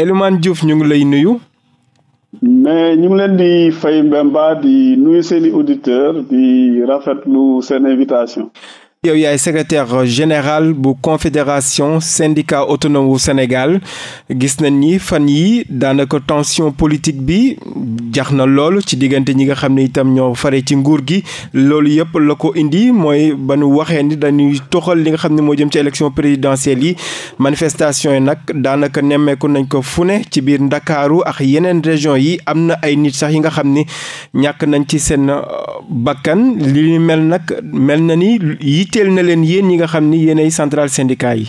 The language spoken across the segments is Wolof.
Elimane Diouf ñu ngi lay nuyu. mais ñu ngi leen di fay Mbemba di nuyu seeni auditeur di lu seen invitation. yow yaay secrétaire général bu confédération syndicat autonome wu Sénégal gis na ni fan yi daanaka tension politique bi jax na lool ci diggante ñi nga xam ne itam ñoo fare ci nguur gi loolu yëpp la ko indi mooy ba nu waxee ni dañuy toxal li nga xam ne moo jëm ci élection présidentielle yi manifestation yi nag daanaka nemmeeku nañ ko fu ne ci biir Ndakaaru ak yeneen région yi am na ay nit sax yi nga xam ni ñàkk nañ ci seen bakkan li mel nag mel na ni yitteel na leen yéen ñi nga xam ni yéenay central syndicat yi.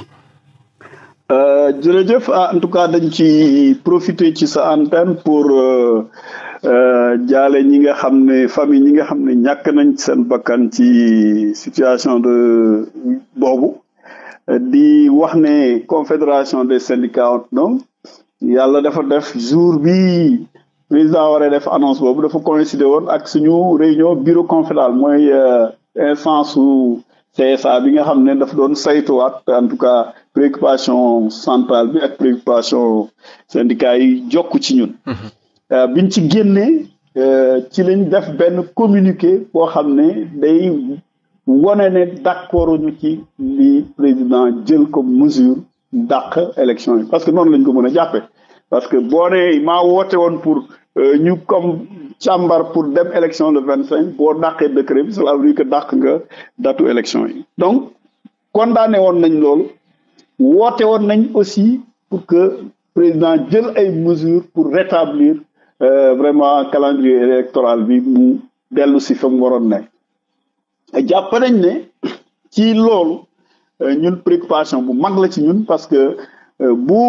Euh, jërëjëf ah, en tout cas dañ ci profité ci sa antenne pour euh, euh, jaale ñi nga xam ne famille ñi nga xam ne ñàkk nañ seen bakkan ci situation de boobu di wax ne confédération des syndicats autonomes yàlla dafa def jour bi président war a def annonce boobu dafa coïncider woon ak suñu réunion bureau confédéral mooy instance su CSA bi nga xam ne dafa doon saytuwaat en tout cas préoccupation centrale bi ak préoccupation syndicat yi jokk ci ñun. Mhm. Euh, biñ ci génnee euh, ci lañ def benn communiqué boo xam ne day wone ne d'accord ñu ci li président jël comme mesure dàq élection yi parce que noonu lañ ko mën a jàppee parce que boo nee maa woote woon pour. Euh, ñu comme càmbar pour dem élection le vingt cinq boo dàqee décret bi cela veut dire que dàq nga datu élection yi donc condamné woon nañ loolu woote woon nañ aussi pour que président jël ay mesures pour rétablir euh, vraiment calendrier électoral bi mu dellu si fa mu waroon nekk jàpp nañ ne ci loolu euh, ñun préoccupation bu mag la ci ñun parce que euh, bu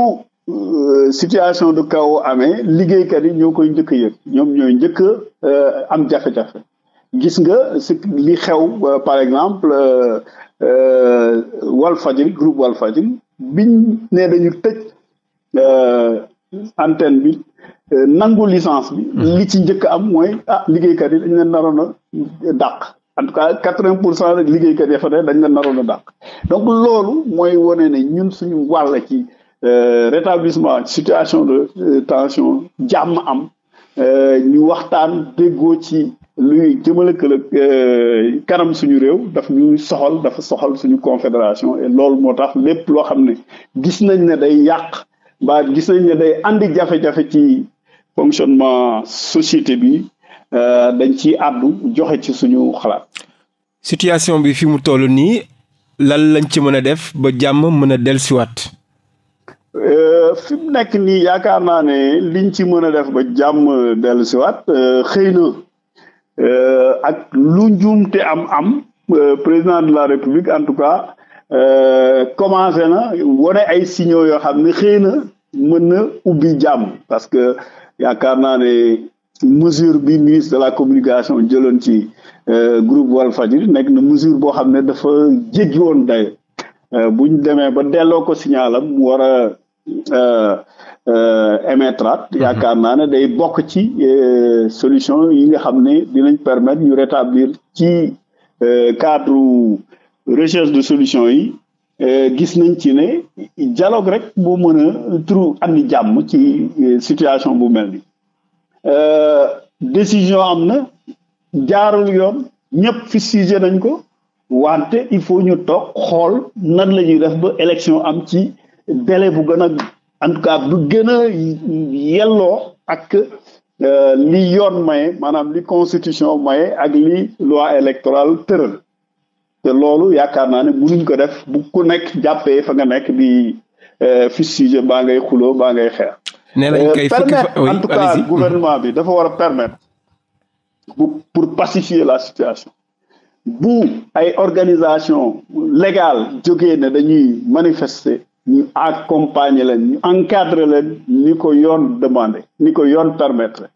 Euh, situation de kaw amee liggéeykat yi ñoo koy njëkk a ñoom ñooy njëkk euh, am jafe-jafe gis nga si li xew euh, par exemple Walfadjri groupe Walfadjri biñ ne dañu tëj antenne bi nangu licence bi mm-hmm. li ci njëkk am mooy ah liggéeykat yi dañ leen naroon a dàq en tout cas quatre-vingt pour cent rek liggéeykat yi fa ne dañ leen naroon a dàq donc loolu mooy wane ne ñun suñu wàll ci Euh, rétablissement situation de euh, tension jàmm am euh, ñu waxtaan déggoo ci luy jëmale këlëg kanam suñu réew daf ñu soxal dafa soxal suñu confédération et loolu moo tax lépp loo xam ne gis nañ ne day yàq mbaa gis nañ ne day andi jafe-jafe ci fonctionnement société bi dañ ci àddu joxe ci suñu xalaat. situation bi fi mu toll nii lan lañ ci mën a def ba jàmm mën a dellusiwaat. Euh, fi mu nekk nii yaakaar naa ne liñ ci mën a def ba jàmm dellu siwaat euh, xëy na euh, ak lu njuumte am am président de la république en tout cas commencé na wane ay signaux yoo xam ne xëy na mën na ubbi jàmm parce que yaakaar naa ne mesure bi ministre de la communication jëloon ci groupe Walfadjri nekk na mesure boo xam ne dafa jéggi woon day bu demee ba delloo ko signalam mu war a Euh, euh, émettraat mhm. yaakaar naa ne day bokk ci euh, solution yi nga xam ne dinañ permettre ñu rétablir ci cadre recherche de solution yi gis nañ ci ne jaloog rek boo mën a trou andi jàmm ci situation bu mel ni décision am na jaarul yoon ñëpp fustigé nañ ko wante il faut ñu toog xool nan la ñuy def ba élection am ci délai bu gën a en bu gën a yelloo ak euh, li yoon maye maanaam li constitution maye ak li loi électorale tëral te loolu yaakaar naa ne mënuñ ko def bu ku nekk jàppee fa nga nekk di euh, fustige baa ngay xuloo baa ngay xeex euh, permettre en tout cas bi dafa war a permettre pour pacifier la situation bu ay organisation légal jógee ne dañuy manifester ñu accompagner leen ñu encadrer leen ni ko yoon demandé ni ko yoon permettre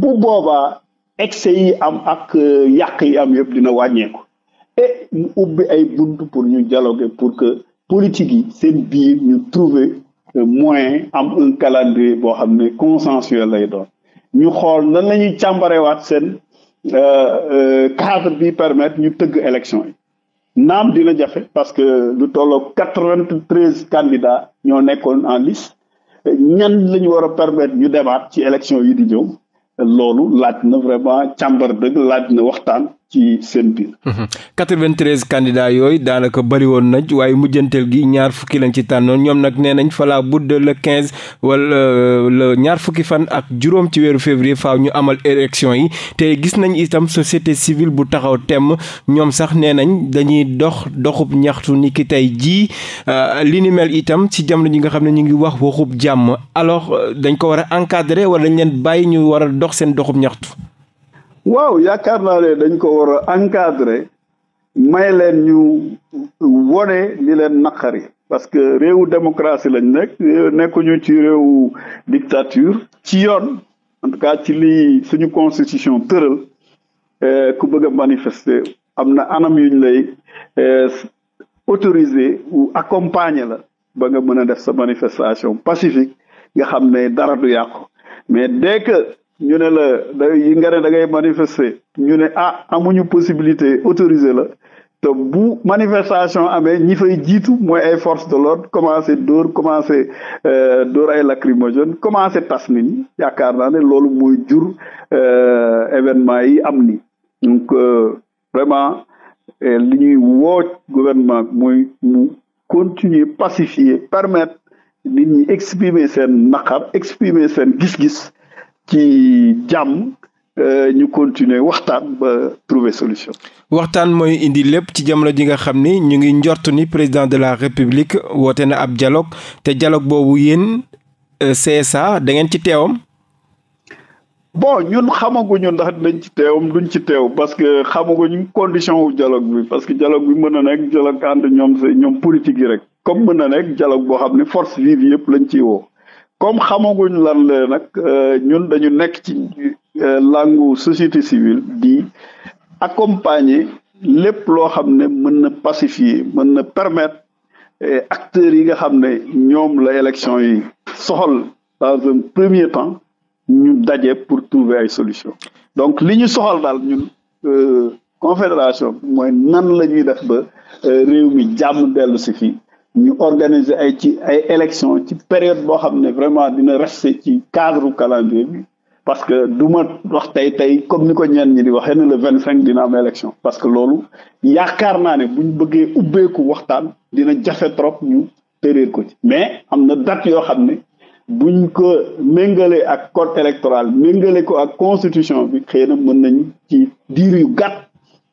bu boobaa excès yi am ak euh, yàq yi am yëpp dina wàññeeku et mu ubbi ay bunt pour ñu jaloge pour que politique yi seen biir ñu trouver euh, moyen am un boo xam ne consensuel lay doon ñu xool nan lañuy càmbarewaat seen euh, cadre bi permettre ñu tëgg élection yi naam dina jafe parce que lu tolloo quatre-vingt-treize candidats ñoo nekkoon en liste ñan la ñu war a permettre ñu demaat ci élection yi di ñëw loolu laaj na vraiment càmbar dëgg laaj na waxtaan ci seen biir. 93 mhm. candidats yooyu daanaka bëri woon nañ waaye mujjanteel gi ñaar fukki lañ ci tànnoon ñoom nag nee nañ falaa budd le 15 wala euh, le ñaar fukki fan ak juróom ci weeru février faaw ñu amal élection yi te gis nañ itam société civile bu taxaw temm ñoom sax nee nañ dañuy dox doxub ñaxtu ni ki tey jii euh, li ni itam ci jamono ji nga xam ne ñu ngi wax waxub jàmm alors euh, dañ ko war a encadrer wala dañ leen bàyyi ñu war dox seen doxub ñaxtu. waaw yaakaar naa ne dañ ko war a encadrer may leen ñu wone li leen naqari parce que réewu démocratie lañ nekk nekkuñu ci réew dictature ci yoon en tout cas ci lii suñu constitution tëral eh, ku bëgg a manifester am na anam yuñ lay eh, autoriser ou accompagner la ba nga mën a def sa manifestation pacifique nga xam ne dara du yàqu mais dès que ñu ne la da yi nga ne da ngay manifester ñu ne ah amuñu possibilité autoriser la te bu manifestation amee ñi fay jiitu mooy ay force de l'ordre commencé dóor commencé euh, door ay lacrymogène commencé tas nit ñi yaakaar naa ne loolu mooy jur euh, événement yi am ni donc euh, vraiment li ñuy wooj gouvernement muy mu continuer pacifier permettre nit ñi exprimer seen naqar exprimer seen gis-gis ci jàmm euh, ñu continuer waxtaan ba trouver solution. waxtaan mooy indi lépp ci jamono ji nga xam ni ñu ngi njort ni président de la république woote na ab dialogue te dialogue boobu yéen euh, CSA da ngeen ci teewam. bon ñun xamaguñu ndax dañ ci teewam duñ ci teew parce que xamaguñu condition wu dialogue bi parce que dialogue bi mën na nekk dialogue ànd ñoom sa ñoom politique yi rek comme mën na nekk dialogue boo xam ne force vive yëpp lañ ciy woo. comme xamaguñ lan la nag euh, ñun dañu nekk ci euh, langu société civile di accompagner lépp loo xam ne mën na pacifier mën na permettre euh, acteurs yi nga xam ne ñoom la élection yi soxal dans un premier temps ñu daje pour trouver ay solution donc li ñu soxal daal ñun confédération mooy nan la ñuy def ba réew mi jàmm dellu si fii ñu organiser ay ci ay élection ci période boo xam ne vraiment dina rester ci cadre calendrier bi parce que du ma wax tey tey comme ni ko ñenn ñi di waxee ne le vingt cinq dina am élection parce que loolu yaakaar naa ne buñ bëggee ubbeeku waxtaan dina jafe trop ñu tëréer ko ci mais am na dat yoo xam ne buñ ko méngale ak code électoral méngale ko ak constitution bi xëyee na mën nañ ci diir yu gàtt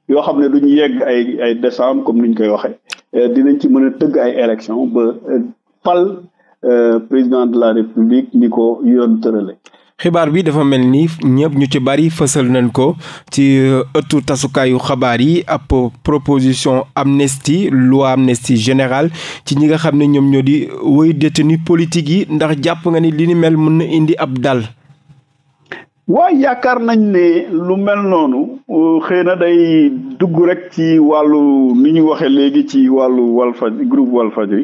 yoo xam ne ñu yegg ay ay décembre comme ni ñu koy waxee Euh, dinañ ci mën a tëgg ay élection ba euh, pal euh, président de la république ni ko yoon tërale xibaar bi dafa mel ni ñëpp ñu ci bari fësal nañ ko ci ëttu tassukaayu xabaar yi ab proposition amnistie loi amnistie générale ci ñi nga xam ne ñoom ñoo di woy détenu politique yi ndax jàpp nga ni li ni mel mën na indi ab dal waaye yaakaar nañ ne lu mel noonu euh, xëy na day dugg rek ci wàllu ni ñu waxee léegi ci wàllu Walfadjri groupe Walfadjri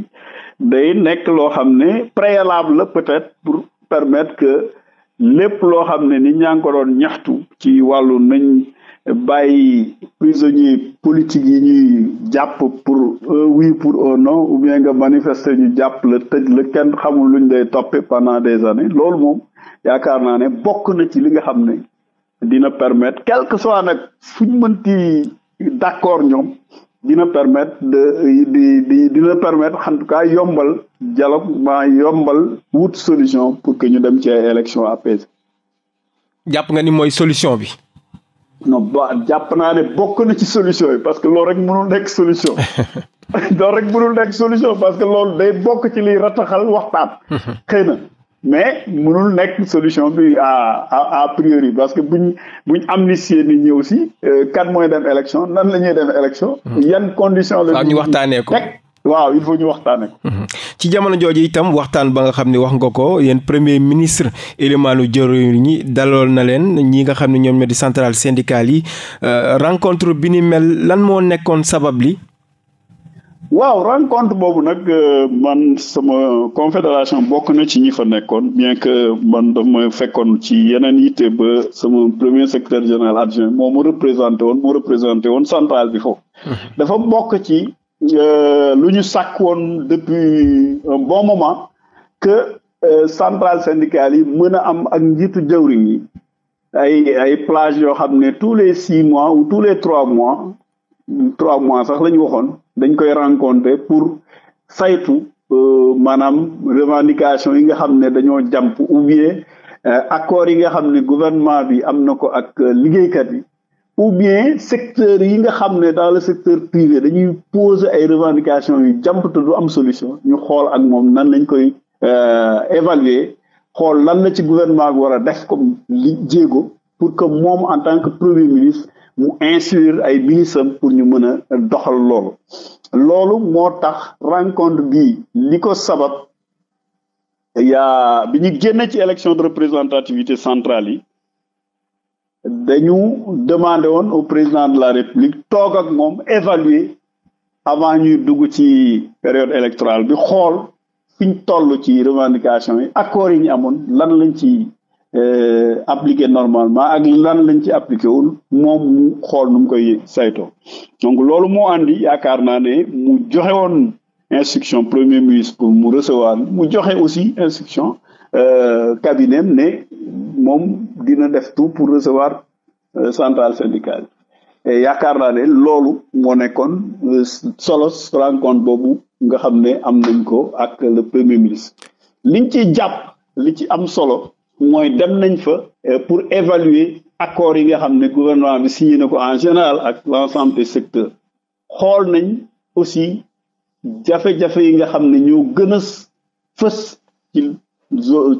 day nekk loo xam ne préalable la peut-être pour permettre que lépp loo xam ne ni ñaa ngi doon ñaxtu ci wàllu nañ bàyyi prisonniers politiques yi ñuy jàpp pour un oui pour un non ou bien nga manifester ñu jàpp la tëj la kenn xamul luñ lay toppe pendant des années loolu moom yaakaar naa ne bokk na ci li nga xam ne dina permettre quel que soit nag suñ mënti d'accord ñoom dina permettre de di di dina permettre en tout cas yombal dialogue ma yombal wut solution pour que ñu dem ci ay élection apaisée jàpp nga ni mooy solution bi no ba jàpp naa ne bokk na ci solution yi parce que loolu rek mënul nekk solution loolu rek mënul nekk solution parce que loolu day bokk ci liy rataxal waxtaan xëy na mais mënul nekk solution bi a à priori parce que buñ buñ amnistier nit ñëw aussi kan euh, mooy dem élection nan la ñuy dem élection. Hmm. yan condition la ñu waxtaanee ko waaw il faut ñu waxtaanee ko. Hmm. ci jamono jooju itam waxtaan ba nga xam ni wax nga ko yéen premier ministre élimaanu jëriñ ñi dalool na leen ñi nga xam ne ñoom ñoo di centrale syndicale yi euh, rencontre bi ni mel lan moo nekkoon sabab li. waaw rencontre boobu nag euh, man sama confédération bokk na ci ñi fa nekkoon bien que man daf ma fekkoon ci yeneen yitte ba sama premier secrétaire général adjoint moo ma représenté woon moo représenté woon centrale bi foofu mhm. dafa bokk ci euh, lu ñu sàkk woon depuis un bon moment que euh, centrale syndicale yi mën a am ak njiitu jëwrin yi ay ay plage yoo xam ne tous les six mois ou tous les trois mois trois mois sax la ñu waxoon dañ koy rencontrer pour saytu euh, maanaam revendication yi nga xam ne dañoo jàmp ou bien euh, accord yi nga xam ne gouvernement bi am na ko ak euh, liggéeykat yi ou bien secteur yi nga xam ne dans le secteur privé dañuy poser ay revendications yu jàmp te du am solution ñu xool ak moom nan lañ koy évaluer xool lan la ci gouvernement bi war a def comme li jéego pour que moom en tant que premier ministre mu instruire ay ministres pour ñu mën a doxal loolu loolu moo tax rencontre bi li ko sabab yaa bi ñu génne ci élection de représentativité centrale yi dañu demandé woon au président de la république toog ak moom évaluer avant ñuy dugg ci période électorale bi xool fiñ toll ci revendication yi accords yi ñu amoon lan lañ ci Euh, appliqué normalement ak lan lañ ci appliqué wul moom mu xool nu koy sayto donc loolu moo andi yaakaar naa ne mu joxe woon instruction premier ministre pour mu recevoir mu joxe aussi instruction euh, cabinet ne moom dina def tout pour recevoir euh, centrale syndicale et yaakaar naa ne loolu moo nekkoon solo rencontre boobu nga xam ne am nañ ko ak le premier ministre liñ ci jàpp li ci am solo mooy dem nañ fa euh, pour évaluer accords yi nga xam ne gouvernement bi signé na ko en général ak l'ensemble des secteurs xool nañ aussi jafe-jafe yi nga xam ne ñoo gën a fës ci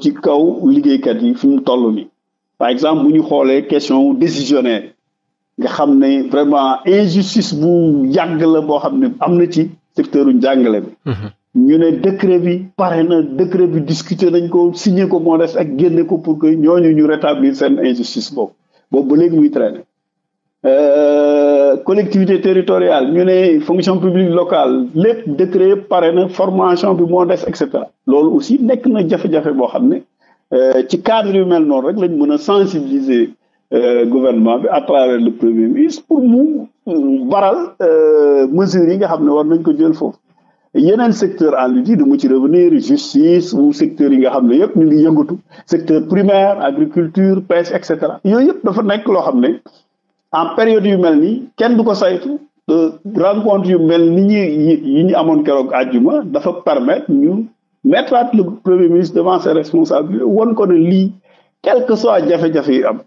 ci kaw liggéeykat yi fi mu toll nii par exemple bu ñu xoolee question décisionnaire nga xam ne vraiment injustice bu yàgg la boo xam ne am na ci secteur u njàngale bi mm-hmm. ñu ne décret bi pare na décret bi discuter nañ ko signee ko moo des ak génne ko pour que ñooñu ñu rétablir seen injustice boobu boobu ba léegi muy traîner euh, collectivité territoriale ñu ne fonction publique locale lépp décret pare na formation bi moo des et cetera loolu aussi nekk na jafe-jafe boo xam ne euh, ci cadre yu mel noonu rek lañ mën a sensibiliser euh, gouvernement bi à travers le premier ministre pour mu baral mesures yi nga xam ne war nañ ko jël foofu yeneen secteur en lutte du mu ci revenir justice ou secteur yi nga xam ne yëpp ñu ngi yëngatu secteur primaire agriculture pêche et cetera yooyu yëpp dafa nekk loo xam ne en période yu mel nii kenn du ko saytu rencontre yu mel ni ñu yi ñu amoon keroog àjjuma dafa permettre ñu mettre le premier ministre devant ses responsabilités won ko ne lii quel que a jafe-jafe yi am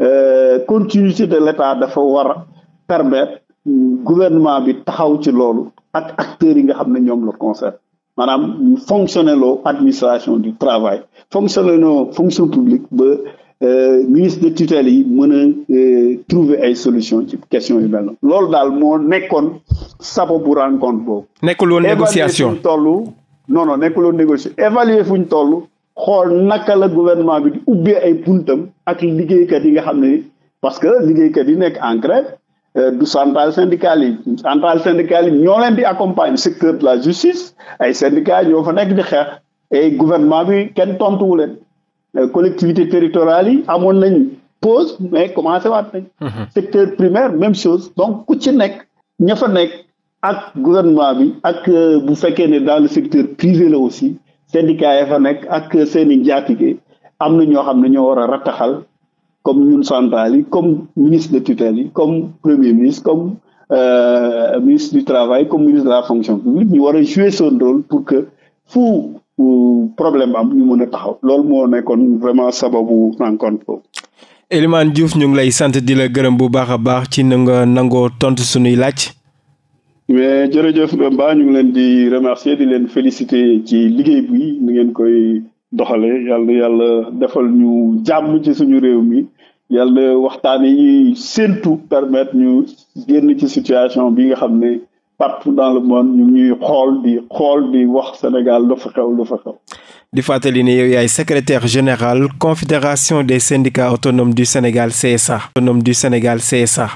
euh, continuité de l' état dafa war a permettre gouvernement bi taxaw ci loolu ak acteurs yi nga xam ne ñoom la concerne maanaam fonctionner loo administration du travail fonctionner loo fonction publique ba euh, ministre de tutelle yi mën a euh, trouver ay solution ci question yu mel noonu loolu daal moo nekkoon sababu rencontre boobu. nekkul woon négociation évaluer fu ñu toll. non non nekkul woon négociation fu ñu toll xool naka la gouvernement bi di ubbee ay buntam ak liggéeykat yi nga xam ne parce que liggéeykat yi nekk en grève Euh, du central syndical yi central syndical ñoo leen di accompagne secteur de la justice ay syndicats ñoo fa nekk di xeex et gouvernement bi kenn tontuwu leen euh, collectivités territoriales yi amoon nañ pose mais commencé waat nañ mhm. secteur primaire même chose donc ku ci nekk ña fa nekk ak gouvernement bi ak euh, bu fekkee ne daal le secteur privé la aussi syndicats ya fa nekk ak seen i njaatige am na ñoo xam ne ñoo war a rattaxal comme ñun centrale yi comme ministre de tutelle yi comme premier ministre comme euh, ministre du travail comme ministre de la fonction publique ñu war a jouer son rôle pour que fu euh, problème am ñu mën a taxaw loolu moo nekkoon vraiment sababu rencontre boobu. Elimane Diouf ñu lay sant di la gërëm bu baax a baax ci na nga nangoo tontu suñuy laaj. mais jërëjëf Mbemba ñu ngi leen di remercier di leen féliciter ci liggéey bi ni ngeen koy. doxale yàlla yàlla defal ñu jàmm ci suñu réew mi yàlla waxtaan yi ñuy séentu permettre ñu génn ci situation bi nga xam ne partout dans le monde ñuy xool di xool di wax Sénégal lu fa xew lu fa xew. di fàttali ne yow yaay secrétaire général confédération des syndicats autonomes du Sénégal CSA. autonome du Sénégal CSA.